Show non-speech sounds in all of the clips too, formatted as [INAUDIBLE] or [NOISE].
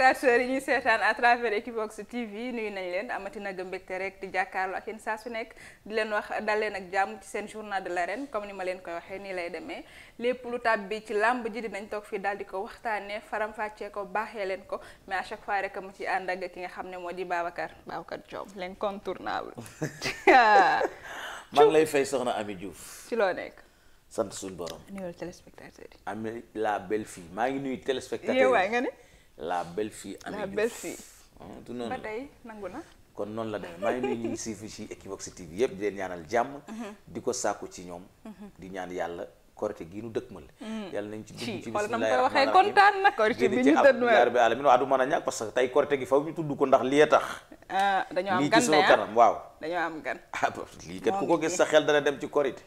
téléspectateurs yi ñuy seetaan à Equivox TV nuyu nañ leen amati nag mbégte rek di jàkkaarloo ak yéen saa su nekk di leen wax dal leen ak jàmm ci seen journal de ren comme ni ma leen koy waxee nii lay demee lépp lu tàbbi ci làmb ji dinañ toog fii daal di ko waxtaanee faram-fàccee ko baaxee leen ko mais à chaque fois rek mu ci ànd ak ki nga xam ne moo di Babacar Babacar Diop l'incontournable. [LAUGHS] maa ngi lay fay soxna Ami juuf ci loo nekk. sant suñu borom. nuyuwal la belle maa ngi nuyu la belle-fille. Ami la belle-fille. Ah, du noonu tey nangu na. kon noonu la def maa ngi ñu ngi suivi ci Equivox TV yëpp di leen ñaanal jàmm. Mhm. di ko sàkku ci ñoom. Mhm. di ñaan yàlla korite gii nu dëkkmal. Mhm. yàlla nañ ci dugg ci bisimilah waxee kontaan na korite bi ñu dënnuwee bi alamin waa du mën a ñàkk parce que tey korite gi faw ñu tudd ko ndax lii tax. Ah, dañoo am gan lii ci sama ah. kanam waaw. dañoo am gan. ah lii kat ku ko gis sa xel dana dem ci korite.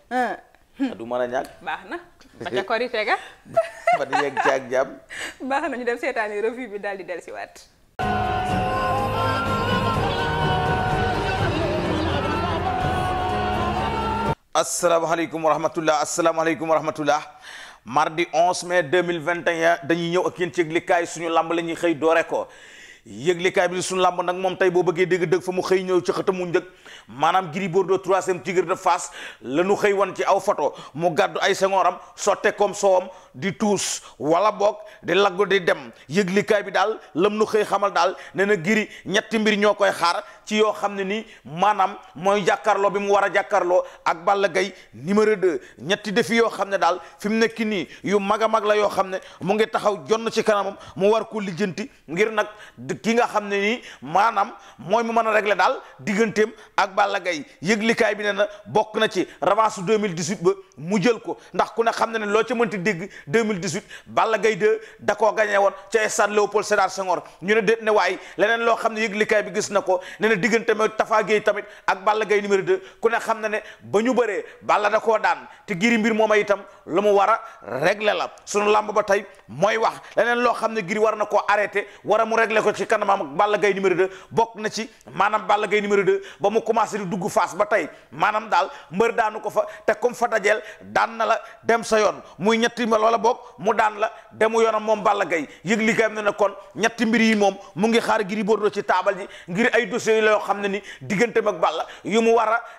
du mën a ñàkk. baax na ba ca korite ga. [LAUGHS] ba di yegg caag jàmm. baax na ñu dem seetaani revue bi daal di dellusiwaat. asalaamaaleykum wa rahmatulah asalaamaaleykum wa rahmatulah mardi 11 mai 2021 dañuy ñëw ak yéen ci yëglikaay suñu làmb la ñuy xëy doore ko. yëglekaay bi suñu làmb nag moom tey boo bëggee dégg dëgg fa mu xëy ñëw ci xëtamu njëkk maanaam Gris Bordeaux troisième tigre de fas la nu xëy wan ci aw photo mu gàddu ay sengoram sotte comme soowam di tuus wala boog di laggu di dem yëglikaay bi daal lam nu xëy xamal daal ne na giri ñetti mbir ñoo koy xaar ci yoo xam ne ni maanaam mooy jàkkaarloo bi mu war a jàkkaarloo ak Balla Gaye numéro 2 ñetti défi yoo xam ne daal fi mu nekk nii yu mag a mag la yoo xam ne mu ngi taxaw jonn ci kanamam mu war ko lijjanti ngir nag ki nga xam ne nii maanaam mooy mu mën a regle daal digganteem ak Balla Gaye yëglikaay bi ne na bokk na ci ravance mille revanche 2018 ba mu jël ko ndax ku ne xam ne ne loo ci mënti dégg 2018 Balla Gaye 2 da koo gagné woon ca stade Léopold Sédar Senghor ñu ne déet ne waay leneen loo xam ne yëglikaay bi gis na ko ne na diggante ma Tafa Gueye tamit ak Balla gay numéro 2 ku ne xam na ne ba ñu bëree Balla da koo daan te giri mbir mooma itam lu mu war a régler la suñu làmb ba tey mooy wax leneen loo xam ne giri war na koo arrêté war a mu régler ko ci kanamam ak Balla gay numéro 2 bokk na ci maanaam Balla gay numéro 2 ba mu commencé di dugg face ba tey maanaam daal mbër daanu ko fa te comme fa dajeel daan na la dem sa yoon wala boog mu daan la demu yoonam moom Balla Gaye yëg liggéeyam ne ne kon ñetti mbir yi moom mu ngi xaar Gris Bordeaux ci taabal ji ngir ay dossiers yi la yoo xam ne ni digganteem ak Balla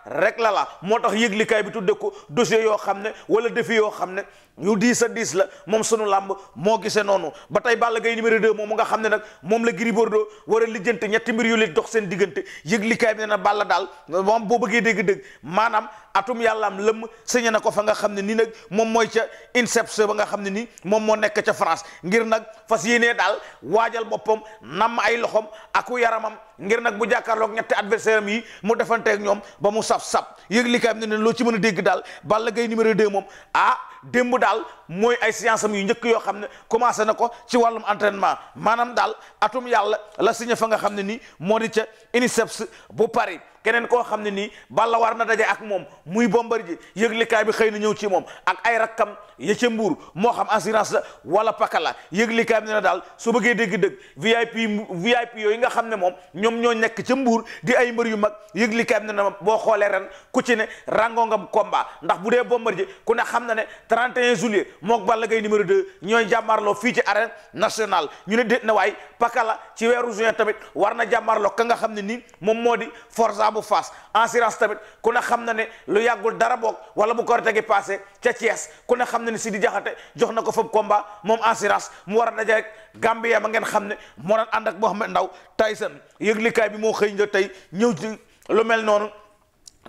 la la moo tax yëg likaay bi tudde ko dossier yoo xam ne wala défi yoo xam ne yu diis a diis la moom sunu làmb moo gisee noonu ba tey Balla Gaye numéro 2 moom mu nga xam ne nag moom la Gris Bordeaux war a lijjante ñetti mbir yu li dox seen diggante yëg likaay bi ne na Balla daal moom boo bëggee dégg-dëgg maanaam atum yàllaam lëmm sañe na ko fa nga xam ne ni nag moom nga xam ne ni moom moo nekk ca France ngir nag fas yéenee daal waajal boppam nam ay loxom aku yaramam ngir nag bu jàkkaarloog ñetti adversaire yi mu defanteeg ñoom ba mu sab-sab yëg li bi ne ne loo ci mën a dégg daal Balla Gaye numéro 2 moom ah démb daal mooy ay séance yu njëkk yoo xam ne commencé na ko ci wàllum entraînement maanaam daal atum yàlla la signé fa nga xam ne nii moo di ca INSEPS bu Paris keneen koo xam ne nii Balla war na daje ak moom muy Bombardier yëglikaay bi xëy na ñëw ci moom ak ay rakkam ya ca mbuur moo xam assurance la wala paka la yëglikaay bi ne na daal soo bëggee dégg-dëgg VIP yooyu nga xam ne moom ñoom ñoo nekk ca mbuur di ay mbër yu mag yëglikaay am na na boo xoolee ren ku ci ne rango nga combat ndax bu dee Bombardier ku ne xam na ne 31 juillet mook Balla Gaye numéro 2 ñooy jàmmarloo fii ci arène nationale ñu ne déet na waay pakala ci weeru juin tamit war na jàmmarloo ka nga xam ne nii moom moo di forsa bu Fass assurance tamit ku ne xam na ne lu yàggul dara boog wala bu korite gi passé ca Thiès ku ne xam na ne si di jaxate jox na ko fab komba moom assurance mu war na daje rek Gambia ma ngeen xam ne moo daan ànd ak Mohamed Ndaw Tyson yëglikaay bi moo xëy na tey ñëw ci lu mel noonu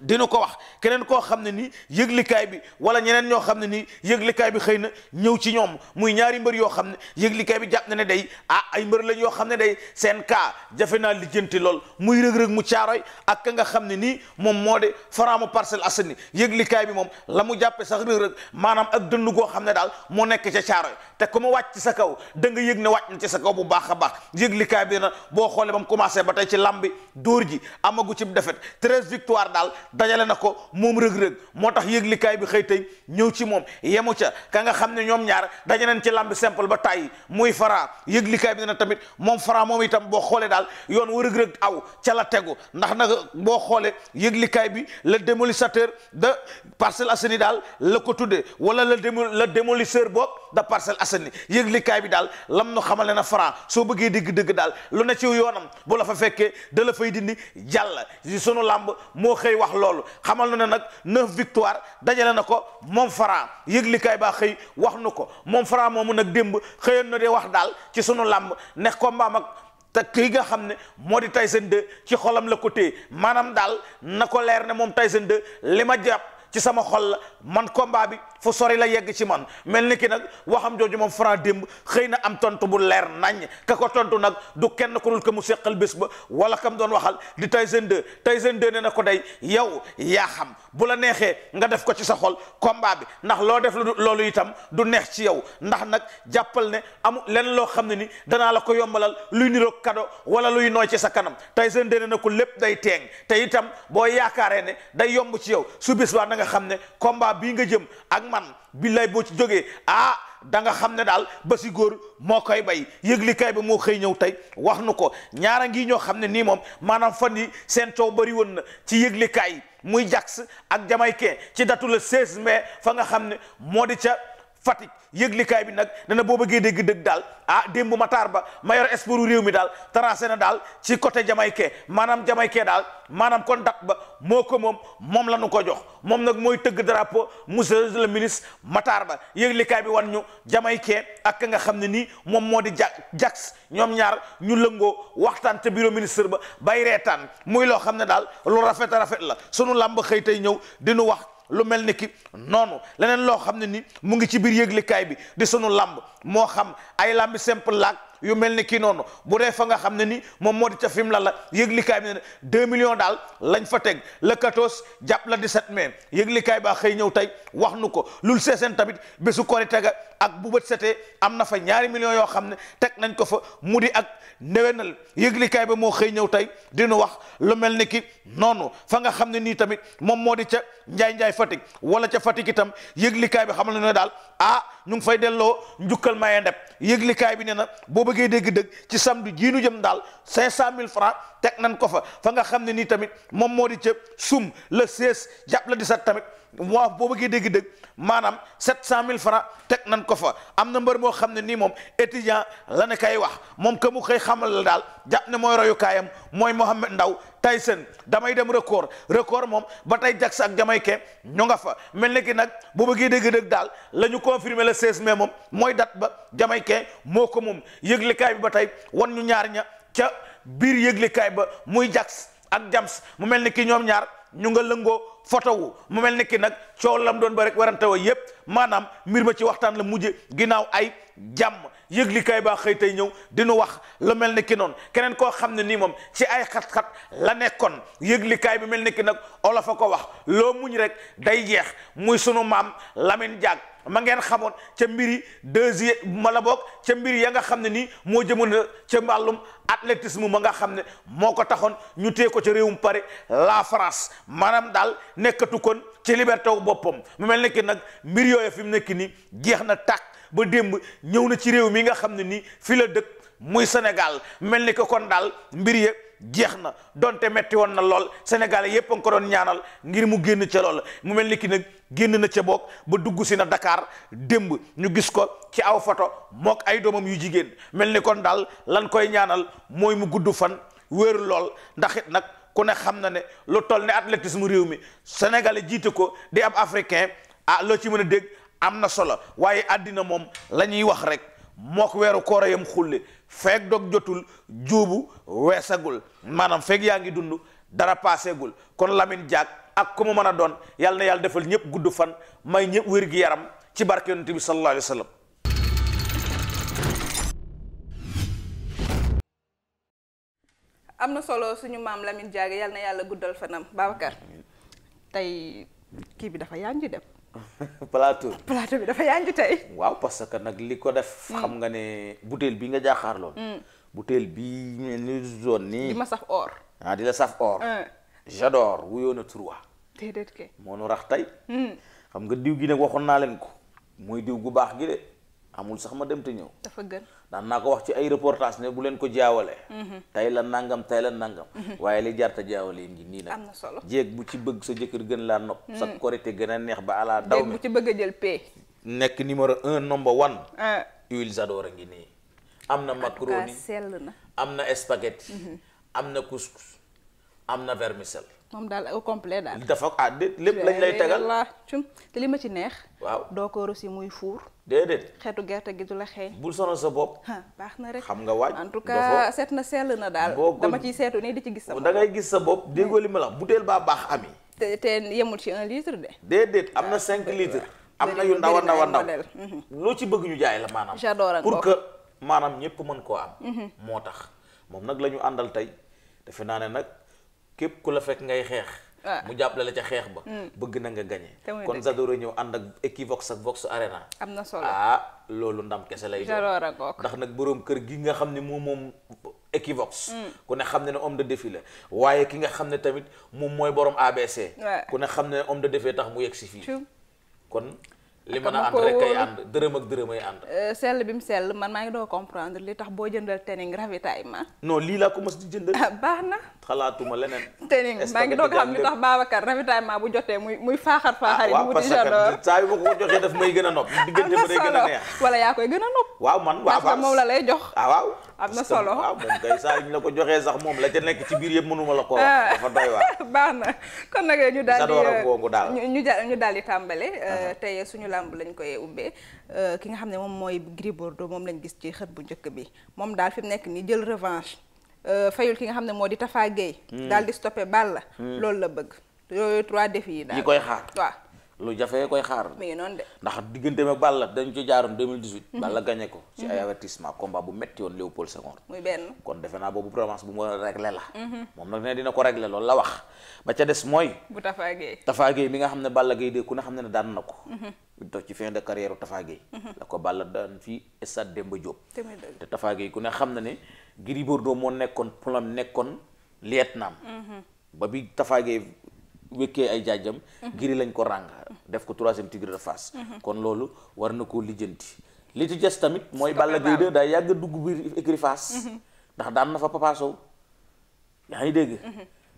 dina ko wax keneen koo xam ne nii yëglikaay bi wala ñeneen ñoo xam ne nii yëglikaay bi xëy na ñëw ci ñoom muy ñaari mbër yoo xam ne yëglikaay bi jàpp na ne day ah ay mbër lañ yoo xam ne day seen kaa jafe naa lijjanti lool muy rëg-rëg mu caaroy ak ka nga xam ne nii moom moo de faraamu Parcelles Assainies yëglikaay bi moom la mu jàppe sax rëg-rëg maanaam ak dënn goo xam ne daal moo nekk ca caaroy te ku ma wàcc ci sa kaw da yëg ne wàcc na ci sa kaw bu baax a baax yëglikaay bi na boo xoolee ba mu commencé ba tey ci lamb bi dóor amagu ci defet treize victoire daal dajale na ko moom rëg-rëg moo tax yëglikaay bi xëy tey ñëw ci moom yemu ca ka nga xam ne ñoom ñaar daje nañ ci lamb simple ba tàyyi muy fara yëglikaay bi na na tamit moom fara moom itam boo xoolee daal yoon wu rëg-rëg aw ca la tegu ndax nag boo xoolee yëglikaay bi le démolisateur de Parcelles Assainies daal la ko tuddee wala le démo le démolisseur boobu de Parcelles Assainies yëglikaay bi daal lam nu xamal na Franc soo bëggee dégg-dëgg daal lu ne ci yoonam bu la fa fekkee da la fay dindi jàll sunu làmb moo xëy wax loolu xamal nu ne nag neuf victoire dajale na ko moom Franc yëglikaay baa xëy wax nu ko moom moo moomu nag démb xëyoon na de wax daal ci sunu làmb ne combat mag te kii nga xam ne moo di Tyson 2 ci xolam la ko téye maanaam daal na ko leer ne moom Tyson 2 li ma jàpp ci sama xol la man combat bi fu sori la yegg ci man mel ni ki nag waxam jooju moom Franc démb xëy na am tontu bu leer nañ ka ko tontu nag du kenn ku dul ko mu seqal bés ba wala kam doon waxal di Tyson 2 Tyson 2 nee na ko day yow yaa xam bu la neexee nga def ko ci sa xol combat bi ndax loo def loolu itam du neex ci yow ndax nag jàppal ne amu lenn loo xam ne ni danaa la ko yombalal luy niroog kado wala luy nooy ci sa kanam Tyson 2 nee na ko lépp day teeng te itam boo yaakaaree ne day yomb ci yow na xam ne combat bii nga jëm ak man billaay boo ci jógee ah da nga xam ne daal ba si góor moo koy bay yëglikaay ba moo xëy ñëw tey wax nu ko ñaara ngi ñoo xam ne nii moom maanaam fan yi seen coow bëri woon na ci yëglikaay muy jax ak jamaïcain ci datu le 16 mai fa nga xam ne moo di ca Fatick yëglikaay bi nag dana boo bëggee dégg dëgg daal ah démb Matar Ba ma yor réew mi daal tracé na daal ci côté Jamaïque maanaam Jamaïque daal maanaam kon dat ba moo ko moom moom la nu ko jox moom nag mooy tëgg drapeau monsieur le ministre Matar Ba yëglikaay bi wan ñu Jamaïque ak nga xam ne nii moom moo di ja jax ñoom ñaar ñu lëngoo waxtaan ca bureau ministre ba bay reetaan muy loo xam ne daal lu rafet rafet la sunu làmb xëy tey ñëw dinu wax lu mel ni ki noonu leneen loo xam ne ni mu ngi ci biir yëglikaay bi di sunu lamb moo xam ay lambi simple laak yu mel ni kii noonu bu dee fa nga xam ne ni moom moo di ca fim la la yëglikaay bi ne deux million daal lañ fa teg le 14 jàpp la 17 mai yëglikaay baa xëy ñëw tey wax nu ko lul seeseen tamit bésu korite tega ak bubët bët setee am na fa ñaari millions yoo xam ne teg nañ ko fa mu di ak ndewenal yëglikaay ba moo xëy ñëw tey dinu wax lu mel ni ki noonu fa nga xam ne nii tamit moom moo di ca njaay njaay Fatick wala ca Fatick itam yëglikaay bi xamal na ne ñu ngi fay delloo njukkal maye ndeb yëglikaay bi nee na boo bëggee dégg-dëgg ci samedi jii nu jëm daal cinq cent mille francs teg nañ ko fa fa nga xam ne nii tamit moom moo di ca sum le 16 jàpp la sat tamit waaw boo bëggee dégg-dégg maanaam mille francs teg nañ ko fa am na mbër moo xam ne nii moom étudiant la ne kay wax moom que mu koy xamal la daal jàpp ne mooy royukaayam mooy Mohamed Ndaw Tyson damay dem record record moom ba tey jax ak jamaïcain ñu nga fa mel ni ki nag bu bëggee dégg-dégg daal la ñu confirmé le 16 mai moom mooy dat ba jamaïcain moo ko moom yëglekaay bi ba tey wan ñu ñaar ña ca biir yëglekaay ba muy jax ak jams mu mel ni ki ñoom ñaar photo wu mu mel ni ki nag coow lam doon ba rek warante wa yépp maanaam mbir ma ci waxtaan la mujje ginnaaw ay jàmm yëglikaay baa xëy tey ñëw dinu wax lu mel ni ki noonu keneen koo xam ne nii moom ci ay xat-xat la nekkoon yëglikaay bi mel ni ki nag olof a ko wax loo muñ rek day jeex muy sunu maam lamin Diack ma ngeen xamoon ca mbiri deuxième ma la bokk ca mbir ya nga xam ne nii moo jëmoon ca mbàllum athlétisme ma nga xam ne moo ko taxoon ñu tee ko ca réewum Paris la France maanaam daal nekkatu kon ci liberté wu boppam mu mel nekki nag mbir yooyu fi mu nekk ni jeex na takk ba démb ñëw na ci réew mi nga xam ne ni fi la dëkk muy Sénégal mel ni que kon daal mbir ye jeex na donte metti woon na lool Sénégal yépp a nga ko doon ñaanal ngir mu génn ca lool mu mel ni ki nag génn na ca boog ba dugg si na Dakar démb ñu gis ko ci aw photo mook ay doomam yu jigéen mel ni kon daal lan koy ñaanal mooy mu gudd fan wéeru lool ndax nag ku ne xam na ne lu toll ne athlétisme réew mi Sénégal jiite ko di ab africain ah loo ci mën a dégg am na solo waaye àddina moom la ñuy wax rek mook weeru koora yam xulli feeg dog jotul juubu weesagul maanaam feeg yaa ngi dund dara paaseegul kon Lamine Diack ak ku ma mën a doon yàlla na yàlla defal ñëpp gudd fan may ñëpp wér gi yaram ci barke yonent bi sallallahu alayhi wa sallam am na solo suñu maam Lamine Diaga yal na yàlla guddal fanam Babacar tey kii bi dafa yànji dem. [LAUGHS] plateau ah, plateau bi dafa yànji tey. waaw parce que nag li ko def. Hmm. xam nga ne butéel bi nga jaaxaar lool. Hmm. butéel bi ñu ne zone nii. di ma saf or. ah di la saf or. Hmm. j'adore wuyoo na trois. déedéet kay moo nu rax tey. xam nga diw gi nag waxoon naa leen ko. mooy diw gu baax gi de amul sax ma dem te ñëw. dafa gën. daan naa ko wax ci ay reportage ne bu leen ko jaawale mhm. tey la nangam tey la nangam mhm. waaye li jarta jaawale yi ngi nii nag am na solo jéeg bu ci bëgg sa jëkkër gën laa nopp mhm. sa korité gën a neex ba alaa daw mi bu ci bëgg a jël pee nekk numéro un number one ah. huile Zador a ngi nii am na macaroni am na spaghetti am na couscous am na vermicelle. moom daal au complet daal. dafa ah déet lépp lañ lay tegal te li ma ci neex. waaw doo ko rosi muy fuur. déedéet xeetu gerte gi du la xeeñ. bul sonal sa bopp. baax na rek xam nga waaj. en tout seet na sell na daal. dama ciy seetu nii di ci gis sa bopp. da ngay gis sa bopp déggoo li ma la butéel baa baax ami. te te yemul ci un litre de. déedéet am na ah, cinq litres. am na yu ndaw a ndaw mhm. loo ci bëgg ñu jaay la maanaam. j'adore pour que maanaam ñëpp mën koo am. Mhm. moo tax moom nag la ñu àndal tey naa ne nag képp ku la fekk ngay xeex ah. mu jàppale la ca xeex ba hmm. bëgg na nga gañe kon sa doro ñëw ànd ak Equivox ak Vox Arena am na solo ah loolu ndam kese lay doon ndax nag boroom kër gi nga xam ne moom moom Equivox hmm. ku ne xam ne ne homme de défi la waaye ki nga xam ne tamit moom mooy borom ABC ku ne xam ne homme de defee tax mu yegg si fii kon li mën a ànd rek kay ànd dërëm ak dërëm eh, li tax boo jëndal tening ravitaillement non lii laa ko mas di jëndal ah, baax na xalaatuma ngi doo xam li tax Babacar ravitaillement bu jotee muy muy faaxar faaxar yi ah, parce que ma ko joxee a nopp [LAUGHS] diggante ba day gën a neex wala yaa koy a nopp waaw man waaw parce que moom la lay jox ah waaw am na solo waaw moom la ko joxee sax moom la ca nekk ci biir yëpp mënuma la ko ah, dafa doy waar [LAUGHS] baax na kon nag ñu di ñu daal di tàmbale uh-huh. eh, tey suñu làmb lañ koy ubbee euh, ki nga xam ne moom mooy Gris Bordeaux moom lañ gis ci xët bu njëkk bi moom daal fi mu nekk nii jël revanche euh, fayul ki nga xam ne moo di Tafa Gueye hmm. daal di bal la hmm. loolu la bëgg yooyu trois défis yi daal ñi koy xaar lu jafee koy xaar. mi ngi noonu de. ndax digganteem ak Balla dañu ci jaaroon 2018. Balla gagné ko. ci ay avertissement combat bu metti woon Léopold Senghor. kon defe naa boobu promesse bu mu war a réglé la. Mhm. moom nag ne dina ko réglé loolu la wax. ba ca des mooy. bu Tafa Gueye. nga xam ne Balla Gueye de ku ne xam ne daan na ko. ñu mhm. toog ci fin de carrière u Tafa Gueye. Mhm. la ko Balla daan fii stade Demba Diop. te Tafa ku ne xam na ne. Gris Bordeaux moo nekkoon plom nekkoon lieutenant. ba bi Tafa Gueye wékkee ay jaajam mhm. giri lañ ko ràng mhm. def ko troisième tigre de Fass mhm. kon loolu war na koo lijjanti li ci des tamit mooy Balla Gaye 2 daa yàgg dugg biir écurie Fass ndax daan na fa Papa Sow yaa ngi dégg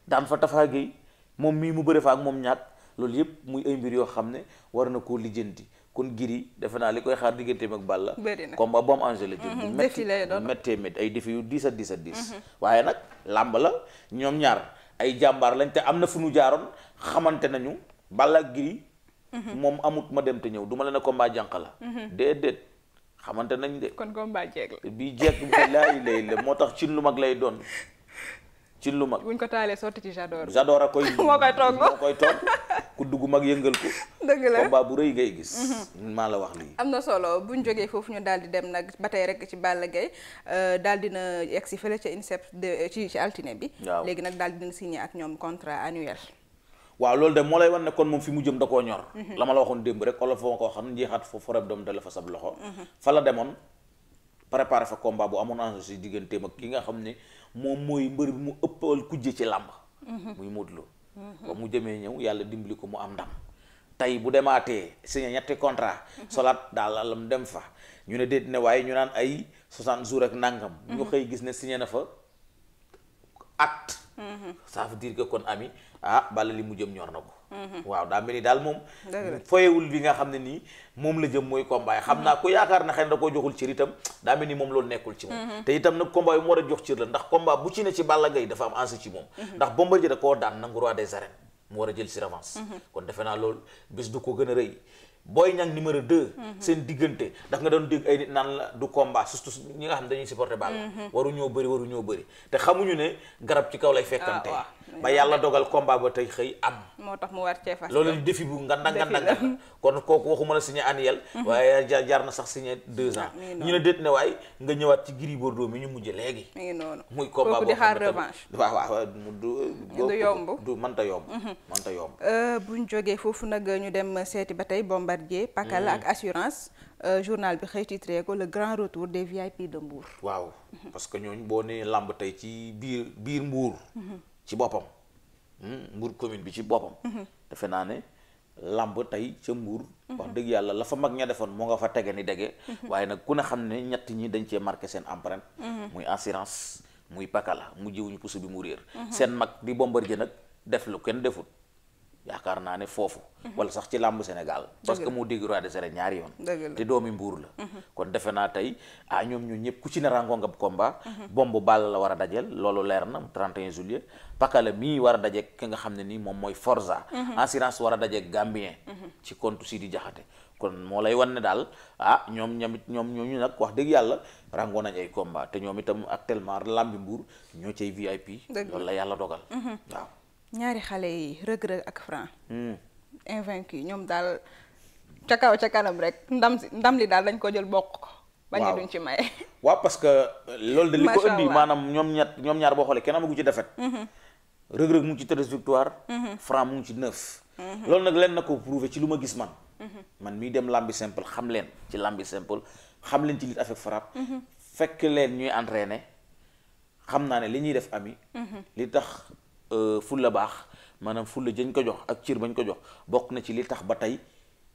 daan fa Tafa Gueye moom mii mu bëre fa ak moom ñaat loolu yëpp muy ay mbir yoo xam ne war na koo lijjanti kon giri defe naa li koy xaar digganteem ak Balla combat bu am enjeu la jël bu métti méttee métti ay défi yu diis a diis a diis waaye nag làmb la ñoom ñaar ay jàmbaar lañ te am na fu ñu jaaroon xamante nañu Balla Gris moom amut ma dem te ñëw du ma la ne combat jànq la déedéet xamante nañ de kon combat jeeg la bii jeeg bi laayi lay moo tax cin lu mag lay doon cin lu mag buñ ko taalee sotti ci j'adore j'adore a koy [LAUGHS] moo koy togg ku dugg mag yëngal ko. dëgg la combat bu rëy ngay gis. Mhm. maa la wax lii. am na solo bu ñu jógee foofu ñu daal di dem nag ba tey rek ci Balla Gaye euh, daal di na yegg si fële ca INSEP ci ci altine bi. waaw léegi nag daal dina signé ak ñoom contrat annuel. waaw loolu de moo lay wan ne kon moom fi mu jëm da koo ñor. Mhm. la ma la waxoon démb rek olof ma ko xam njeexaat fo foreb doom de la fa sab loxo. Mhm. fa la demoon préparé fa combat bu amoon enjeu si digganteem ak ki nga xam ne moom mooy mbër bi mu ba mu jëmee ñëw yàlla dimbali ko mu am ndam tey bu demaatee signé ñetti contrat solaat daal lam dem fa ñu ne déet ne waaye ñu naan ay 60 jours ak nangam ñu mhm. xëy gis ne signé na fa at mhm. ça veut dire que kon ami ah bala li mu jëm ñor na ko Mm-hmm. waaw daa mel daal moom foyewul bi nga xam ne nii moom la jëm mooy combat xam mm-hmm. naa ko yaakaar na xëy na da koo joxul cër itam daa mel ni moom loolu nekkul ci moom mm-hmm. te itam nag combat yi mu war a jox la ndax combat bu ci ne ci Balla Gaye dafa am enjeu ci moom ndax Bombardier da koo daan nangu roi des arènes mu war a jël si revanche kon defe naa loolu bis du ko gën a rëy Boy Niang numéro 2 seen diggante daf nga doon dégg ay naan la du combat surtout ñi nga xam ne dañuy supporter Balla waru ñoo bëri waru ñoo bëri te xamuñu ne garab ci kaw lay ah, fekkante ba yàlla dogal combat ba tey xëy am. moo tax mu war cee fas loolu défi bu nganda nganda kon kooku waxuma la signé annuel. Mhm. waaye jar jar na sax signé deux ah, ans. ñu ne déet ne waaye nga ñëwaat ci Gris Bordeaux mi ñu mujj léegi. mi ngi noonu muy combat boo di xaar revanche. waaw waaw du. du yomb du mënta yomb. Mhm. mënta yomb. Euh, bu ñu jógee foofu nag ñu dem seeti ba tey Bombardier. Pakal mhm. ak assurance. Euh, journal bi xëy titré ko la grand retour de VIP de Mbour. waaw parce que ñooñu boo nee làmb tey ci biir biir Mbour. ci boppam hmm, Mbour commune bi ci boppam mhm. defe naa ne làmb tey ca Mbour mhm. wax dëgg yàlla la fa mag ña defoon moo nga fa tege ni dege mhm. waaye nag ku ne xam ne ñett ñi dañ cee marqué seen empreinte muy assurance muy pakala mu jiwuñu puso bi mu réer seen mag di Bombardier nag def lu kenn defut yaakaar naa ne foofu wala sax ci làmb Sénégal parce que moo dégg roi des arènes ñaari yoon te doomi mbuur la mhm. kon defe naa tey ah ñoom ñun ñëpp ku ci ne rango nga combat mhm. bomb ball la war a dajeel loolu leer na 31 juillet pakala mii war a dajeek ki nga xam ne nii moom mooy Forza mhm. assurance war a dajeek Gambien ci compte Sidi Jaxate kon moo lay wan ne daal ah ñoom ñamit ñoom ñooñu nag wax dëgg yàlla rango nañ ay combat te ñoom itam actuellement làmbi mbuur ñoo cay VIP loolu la yàlla dogal waaw ñaari xale yi rëg-rëg ak franc hmm. invaincu ñoom daal ca kaw ca kanam rek ndam ndam li daal dañ ko jël bokk ko bañ ne duñ ci maye [LAUGHS] waaw parce que loolu de li ko indi maanaam ñoom ñett ñoom ñaar boo xoolee kenn amagu ci defet mm-hmm. rëg-rëg mu ngi ci treize victoire mm-hmm. mu ci neuf mm-hmm. loolu nag leen na ko prouver ci lu ma gis man man mii dem lambi simple xam leen ci lambi simple xam leen ci lutte avec frappe fekk leen ñuy ne xam naa ne li ñuy def ami li tax Euh, fulla baax maanaam fulla jëñ ko jox ak cir bañ ko jox bokk na ci li tax ba tey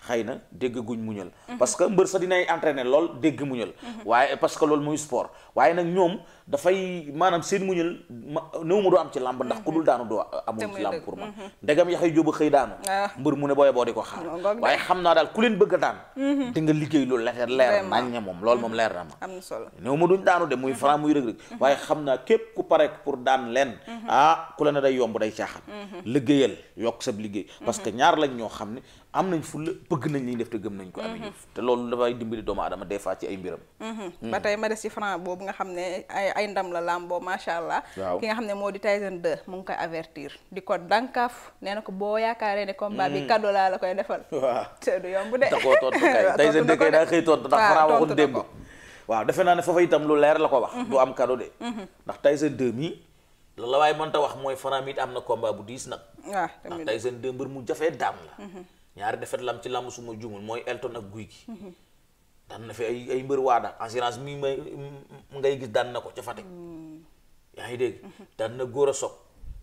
xëy na dégg guñ muñal mhm. parce que mbër sa dinay entraîner lool dégg muñal mhm. waaye parce que loolu muy sport waaye nag ñoom dafay maanaam seen muñal ma néew ma doo am ci làmb ndax ku dul mhm. daanu doo amul ci làmb pour man ndegam yaxey jóoba xëy daanu ah. mbër mu ne booye boo de ko xaar waaye xam naa daal ku leen bëgg a daan di nga liggéey loolu leer leer nañ moom loolu moom leer na ma néew ma duñ daanu de muy franc muy rëg-rëg waaye xam naa képp ku pare pour daan leen ah ku la day yomb day caaxaan liggéeyal yokk sab liggéey parce que ñaar lañ ñoo xam ne am nañ fulla bëgg nañ li ñu def te gëm nañ ko Ami Diouf te loolu dafay dimbali doomu aadama des fois ay mbiram mhm. hmm. ba tey ma des ci franc boobu nga xam ne ay ay ndam la làmboo macha allah waaw ki nga xam ne moo di Tyson 2 mu ngi koy avertir di ko dànkaaf nee na ko boo yaakaaree ne combat bi hmm. cadeau laa la koy defal [LAUGHS] waaw te du yomb de da koo tontu kay [LAUGHS] Tyson 2 kay daa xëy tontu la ko wax mhm. du am cadeau de mhm. ndax Tyson 2 mii loolu la waaye mënta wax mooy franc mi am na combat bu diis nag waaw ah, ndax Tyson 2 mbër ñaari defet lam ci làmb suma juumul mooy Elton ak guy gi daan na fi ay ay mbër waada assurance mi may ngay gis daan na ko ca Fatick mm. yaa ngi dégg mm-hmm. daan na góor a sob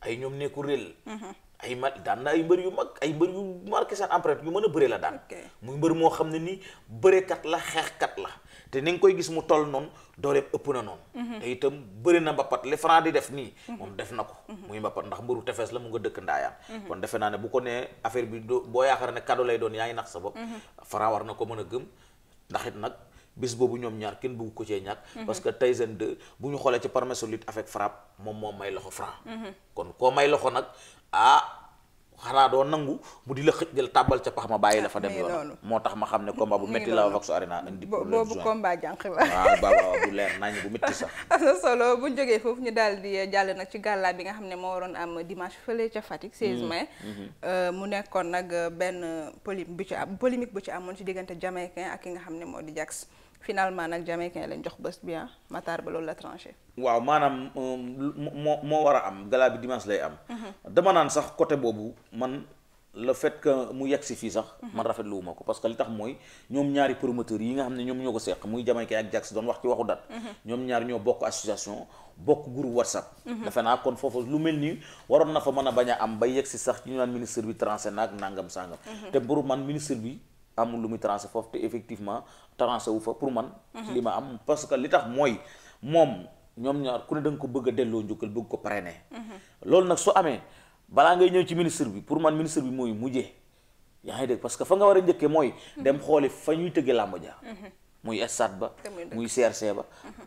ay ñoom nekku réel mm-hmm. ay ma daan na ay mbër yu mag ay mbër yu marqué seen empreinte yu mën a bëre la daan muy mbër moo xam ne nii kat la xeexkat la te ni nga koy gis mu toll noonu dooleem ëpp na noonu mhm. te itam bëri na mbapat li Franc di def nii mhm. moom def na ko mhm. muy mbapat ndax mbëru tefes la mu nga dëkk ndaayaan kon defe naa ne bu ko nee affaire bi boo yaakaar ne cadeau lay doon yaay ngi nax sa bopp Franc war na ko mën a gëm ndax it nag bis boobu ñoom ñaar kenn bëgg ko cee ñàkk. Mhm. parce que Tyson 2 bu ñu xoolee ci parmé solide avec frappe moom moo may loxo franc. Mhm. kon koo may loxo nag ah. xanaa doo nangu mu di la xëj jël tàbbal ca pax ma bàyyi la fa ah, dem yoon moo tax ma xam ne combat bu metti la wax su arena indi ah, bu leer nañ bu metti sax [LAUGHS] am na bu ñu jógee foofu ñu daal di jàll nag ci gàllaa bi nga xam ne moo waroon am dimanche fële ca Fatick 16 mm. mai mhm. euh, mu nekkoon nag benn polémique bu ci am polémique bu ci amoon ci diggante jamaïcain ak ki nga xam ne moo di Jax finalement nag jamaïcain lañ jox bés bi ah, Matar Ba loolu la tranché. waaw maanaam um, moo moo war a am gala bi dimanche lay am. Mhm. dama naan sax côté boobu man la fait que mu yegg si fii sax. Mhm. man lu ma ko parce que li tax mooy ñoom ñaari promoteurs yi nga xam ne ñoom ñoo ko seq muy jamaïcain ak Jax doon wax ci waxu dat mhm. ñoom ñaar ñoo bokk association. bokk groupe whatsapp defe naa kon foofu lu mel nii waroon na fa mën a bañ am ba yegg si sax ci ñu naan ministre bi tranché naag nangam sangam. te buru bi amul lu muy tranché foofu te effectivement tranché wu fa pour man. Mhm. li ma am parce que li tax mooy moom ñoom ñaar ku ne da ko bëgg delloo njukkal bëgg ko parrainer. Mhm. loolu nag su amee balaa ngay ñëw ci ministre bi pour man ministre bi mooy mujjee yaa ngi dégg parce fa nga war a njëkkee mooy. Mhm. dem xooli fa ñuy tëggee làmb ja muy stade ba. muy CRC ba.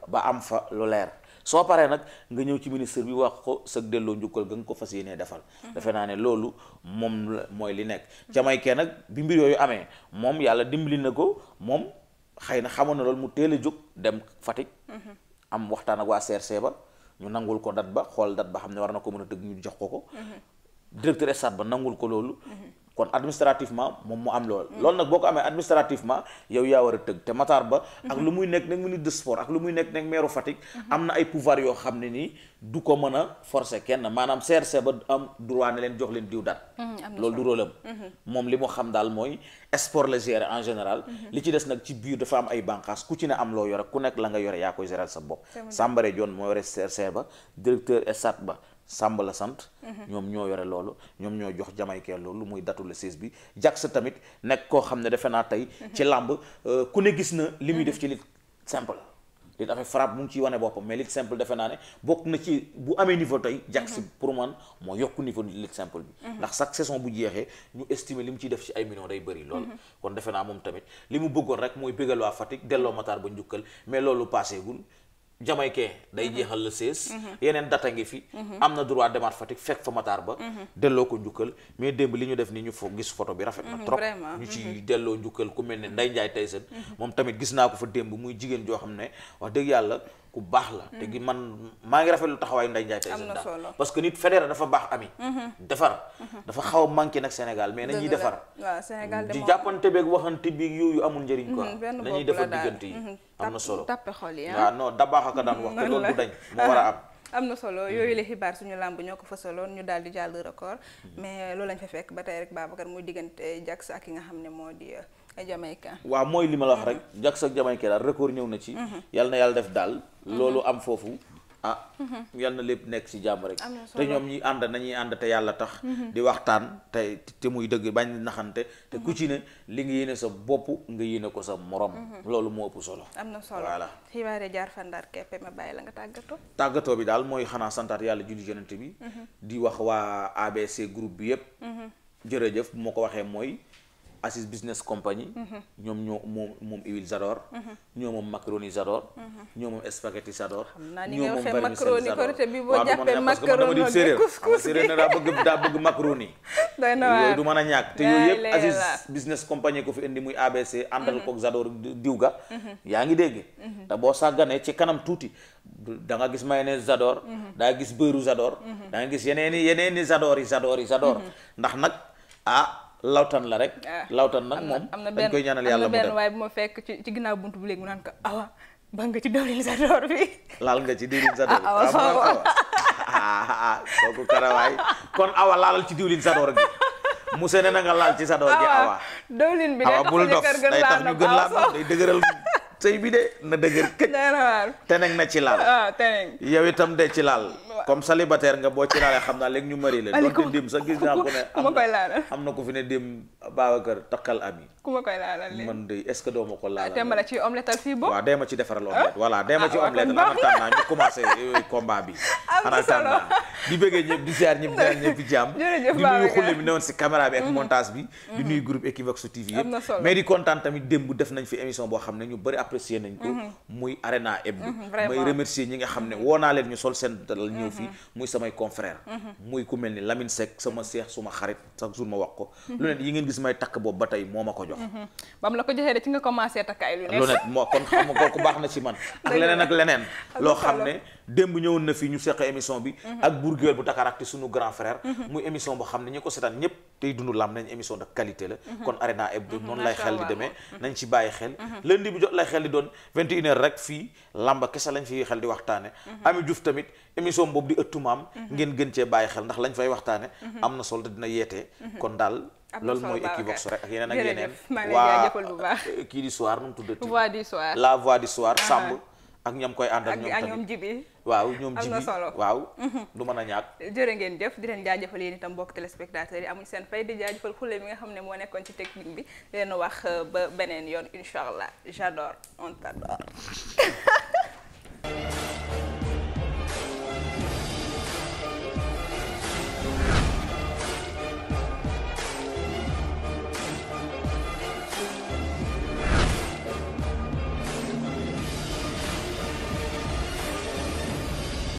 ba am fa lu leer. soo paree nag nga ñëw ci ministre bi wax ko sag delloo njukkal ga ko fas yéenee defal mhm. defe naa ne loolu moom la mooy li nekk ke nag bi mbir yooyu amee moom yàlla dimbali na ko moom xëy na xamoon na loolu mu teel a jóg dem Fatick mhm. am waxtaan ak waa CRC ba ñu nangul ko dat ba xool dat ba xam ne war na ko mën a tëgg ñu jox ko ko mhm. directeur stade ba nangul ko loolu kon administrativement moom mu am loolu loolu nag boo ko amee administrativement yow yaa war a tëgg te Matar Ba ak lu muy nekk nekk ministre de sport ak lu muy nekk nekk maire Fatick am na ay pouvoir yoo xam ne nii du ko mën a forcer kenn maanaam CRC ba am droit ne leen jox leen diw dat mhm, loolu du rôlam mhm. moom li mu xam daal mooy sport la gérer en général mhm. li ci des nag ci biir dafa am ay bànqaas ku ci ne am loo yore ku nekk la nga yore yaa koy gérer sa bopp Sambare Dione moo yore CRC ba directeur stade ba sàmb la sant. ñoom ñoo yore loolu ñoom ñoo jox jamaykee loolu muy datu le 16 bi Jax tamit nekk koo xam ne defe naa tey. ci làmb euh, ku ne gis na. li muy def ci lutte simple. lutte avec mu ngi ciy wane boppam mais lutte simple defe naa na ci bu amee niveau tey. Jax mhm. pour man moo yokk niveau lutte simple bi. Mhm. ndax chaque saison bu jeexee ñu li mu ciy def ci ay day bëri lool. Mhm. kon defe naa moom tamit li mu bëggoon rek mooy bégal waa Fatick delloo Matar ba njukkal mais loolu paasee jamaïcain day mhm. jeexal le 16. Mhm. yeneen data ngi fi. Mhm. am na droit demaat Fatick fekk fa Matar Ba. delloo ko njukkal mais démb li ñu def ni ñu fo gis photo bi rafet na trop. ñu ci delloo njukkal ku mel ne Ndeye Ndiaye Tyson. moom tamit naa ko fa démb muy jigéen joo xam ne wax dëgg yàlla ku baax la. te maa ngi rafetlu taxawaayu Ndeye Ndiaye Tyson daal parce que nit Federer dafa baax ami. defar dafa xaw a manqué nag Sénégal mais nañuy defar. waaw Sénégal di jàppante beeg waxante bi yooyu amul njëriñ quoi. benn nañuy defar diggante yi. am na solo tàppe xol yi waaw ah. non dabaax ak daan wax te loolu du dañ moo war a am [LAUGHS] am na solo mm-hmm. yooyu la xibaar suñu làmb ñoo ko fasaloon ñu daal di jàll record mm-hmm. mais euh, loolu lañ fa fekk ba tay rek Babacar muy diggante Jax ak ki nga xam ne moo di euh, Jamaïcain waaw mooy li ma la wax mm-hmm. rek Jax ak Jamaïcain daal record ñëw na ci yàlla na yàlla def daal loolu am foofu ah yal na lépp nekk ci jàmm rek te ñoom ñi ànd nañuy ànd te yàlla tax mhm. di waxtaan te te muy dëgg bañ naxante te ku mhm. ci ne li nga yéene sa bopp nga yéene ko sa morom mhm. loolu moo ëpp solo am na solo voilà xibaare jaar fandaar keppe ma bàyyi la nga tàggatoo tàggatoo bi daal mooy xanaa santaat yàlla julli jonante bi di wax waa ABC groupe bi yépp jërëjëf bu ma ko waxee mooy Assis Business Company. Mm-hmm. ñoom ñoo moom moom huile j'adore. Mm-hmm. ñoo moom macaroni j'adore. Mm-hmm. ñoo moom spaghetti j'adore. ñoo moom vermicelle j'adore bi boo jàppee macaroni ak [LAUGHS] a ñàkk diw ga. yaa ngi dégg. te sàgganee ci kanam tuuti da nga gis mayonnaise j'adore. daa gis beurre j'adore. da nga gis yeneen i yeneen i j'adore yi j'adore yi j'adore ndax nag ah, lawtan la rek. Ah. lawtan nag moom dañ koy ñaanal yàlla mu dem am na benn waaye bu ma fekk ci ginnaaw buntu bu léegi mu naan ko awa ba nga ci diwlin sa door bi. laal nga ci diwlin sa door ah, awa [LAUGHS] ah, kooku karawaay kon awa laalal ci diwlin sa door bi. mu ne na nga laal ci sa door gi awa. diwlin bi day tax ñu gën laa nopp day dëgëral. sëy bi de na dëgër këj teneng na ci laal [LAUGHS] ah, yow itam de ci laal comme célibataire nga boo ci laalee xam naa léegi ñu mari la doon dim sa gis naa ko ne ku ma na ko fi ne dim Babacar takkal ami ku ma koy laalal man de est-ce que doo ma ko laalal dem la ci omelette fii boobu waaw de ma ci defaral omelette ah. voilà ci ah, omelette amal tànn naa ñu commencé euh, combat bi [LAUGHS] amal tànn naa di bëggee ñëpp di ziar ñëpp daal ñëpp jàmm di nuyu si caméra bi mm-hmm. bi di mm-hmm. nuyu groupe Equivox TV yëpp mais di kontaan tamit démb def nañ fi émission boo xam ne ñu bëri apprécier nañ ko mm-hmm. muy Arena Hebdo may remercier ñi nga xam ne woo naa leen ñu sol seen dalal ñëw fii muy samay confrère muy ku mel ni Lamine Seck sama seex suma xarit chaque jour ma wax ko lu ne yi ngeen gis may takk boobu ba tey moo ma ko jox ba mu la ko joxee de ci nga commencé takk ay lu ne moo kon xam nga kooku baax na ci man leneen ak leneen loo xam ne démb ñëwoon na fii ñu seq émission bi mhm. ak buur géwél bu Dakaractu suñu grand frère mhm. muy émission boo xam ne ñi ko seetaan ñëpp tey dund lam nañ émission de qualité la mhm. kon Arena Hebdo noonu lay xel di demee nañ ci bàyyi xel lundi bu jot lay xel di doon vingt et lamba kese lañ fi xel di waxtaane Ami Diouf tamit émission boobu di ëttu maam ngeen gën cee bàyyi xel ndax lañ fay waxtaane am na solo dina yeete kon daal loolu mooy Equivox ak yeneen ak yeneen waa kii di soir nu mu tuddati voix du soir la voix du soir sàmb uh-huh. ak ñam koy àndal ñoom tamit waaw ñoom ji bi waaw mhm. du man a ñàkk jërë ngeen jëf di leen jaajëfal yéen itam mbokk téléspectateurs yi amuñ seen fay di jaajëfal xule mi nga xam ne moo nekkoon ci technique bi leen wax euh, ba beneen yoon incha allah j'adore on [LAUGHS]